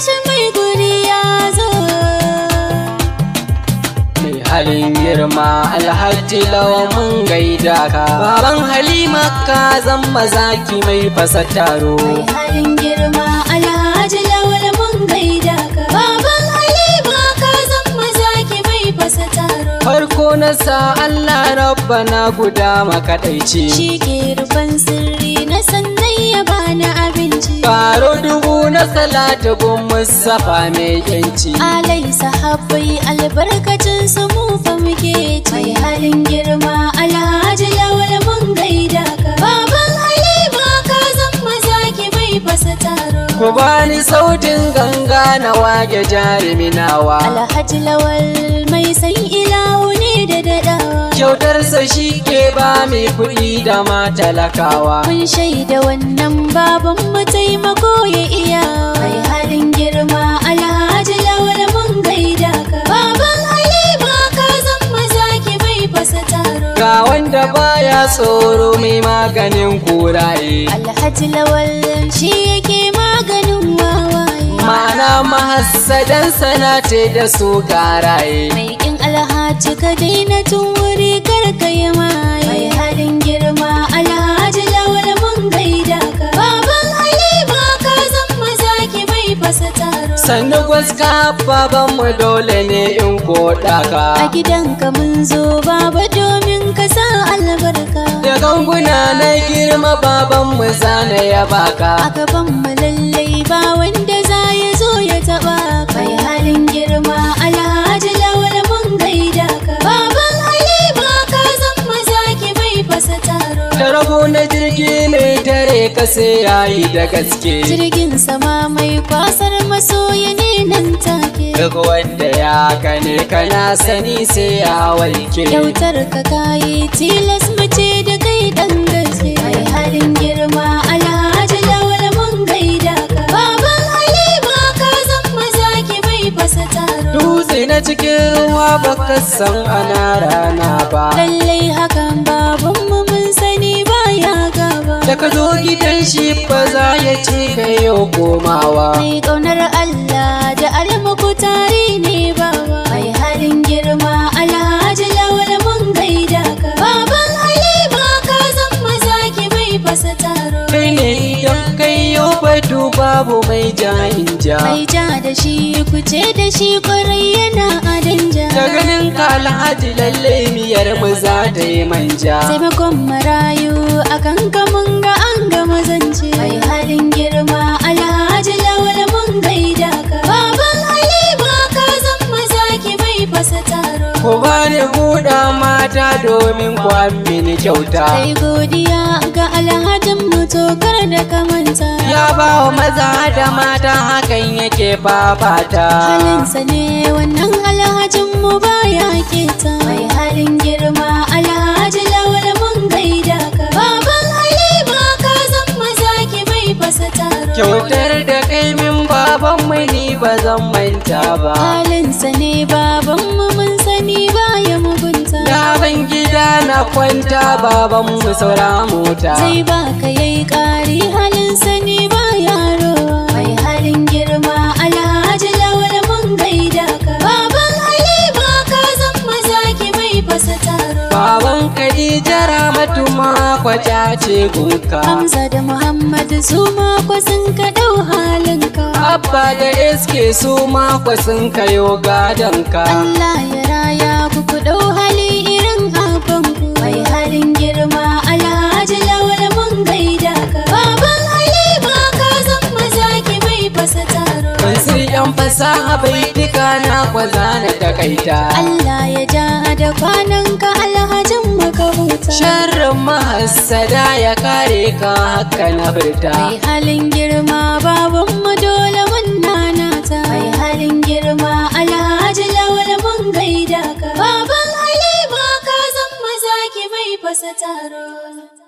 gashi mai guri ya zo mai halin girma alhaji lawa mun gaida ka baban halima ka zan mazaki mai fasa taro mai halin girma alhaji lawa mun gaida ka baban halima ka zan mazaki mai fasa taro farko na sa Allah rabbana guda makaɗaici shi ke rufan sirri na sannan ya bani faro dubu na salata gun musafa mai yanci. Alai sahabbai albarkacin su mu fa muke ci. Mai halin girma alhaji lawal mun gaida ka. Baban Halima ka zan maza ki bai fasa taro. Ku bani sautin ganga na wage jarumi nawa. Alhaji lawal mai san ilawu ne sa shi ke ba mai kuɗi da ma talakawa. Mun shaida wannan baban mu taimako ya iya. Mai halin girma alhaji lawal mun gaida ka. Baban Halima ka zan maza ki mai fasa taro. Ga wanda baya tsoro mai maganin kuraye. Alhaji lawal shi yake maganin wawaye. mana mahassadan sana ce da su karaye mai kin alhaji ka daina tun wuri kar ka yi maye mai halin girma alhaji lawal mun gaida ka baban ba ka zan maza ki mai fasa taro sannu gwaska baban mu dole ne in koda ka a gidan ka mun zo baba domin ka sa albarka da ganguna na girma baban mu zana ya baka a gaban mu lallai ba wani rabo na jirgi ne dare ka sai yayi da gaske jirgin sama mai kwasar masoyi ne nan take duk wanda ya kane kana sani sai ya walke yautar ka kayi tilas mace da kai dan gaske ai halin girma alhaji lawal mun gaida ka baban halima ka zan maza mai fasa taro dutse na cikin ruwa baka san ana rana ba lallai hakan babu da ka zo gidan shi za ya ce kai yau komawa babu mai ja ja mai ja da shi kuce da shi kwarai yana adin ja da ganin ka alhaji lalle miyar maza da manja taimakon marayu akan kamun ga an gama Wani buɗa mata domin kwamin kyauta. ai godiya ga alhajin kar da kamanta. Ya ba wa maza da mata hakan yake babata. Halinsa ne wannan alhajin mu baya ta. Mai halin girma alhaji lawal mun gaida ka. Baban Halima ka zan maza ki mai fasa taro. Kyautar da kai min baban mai ni ba zan manta ba. kwanta baban mu saura mota zai baka yayi ƙari halin sani ba yaro mai halin girma alhaji lawal mun gaida ka baban ba ka zan mazaki mai fasa taro baban khadija ramatu ma kwata ce gunka hamza da muhammad su ma sun ka dau ka. abba da Eske su ma sun ka yo ka allah ya raya ku ku dau sa duka na kwaza na takaita Allah ya ja da kwanan ka alhajin makabuta sharrin mahassada ya kare ka hakka na furta mai halin girma baban mu dole mun nanata mai halin girma alhaji lawal mun gaida ka baban halima ka zan maza ki mai fasa taro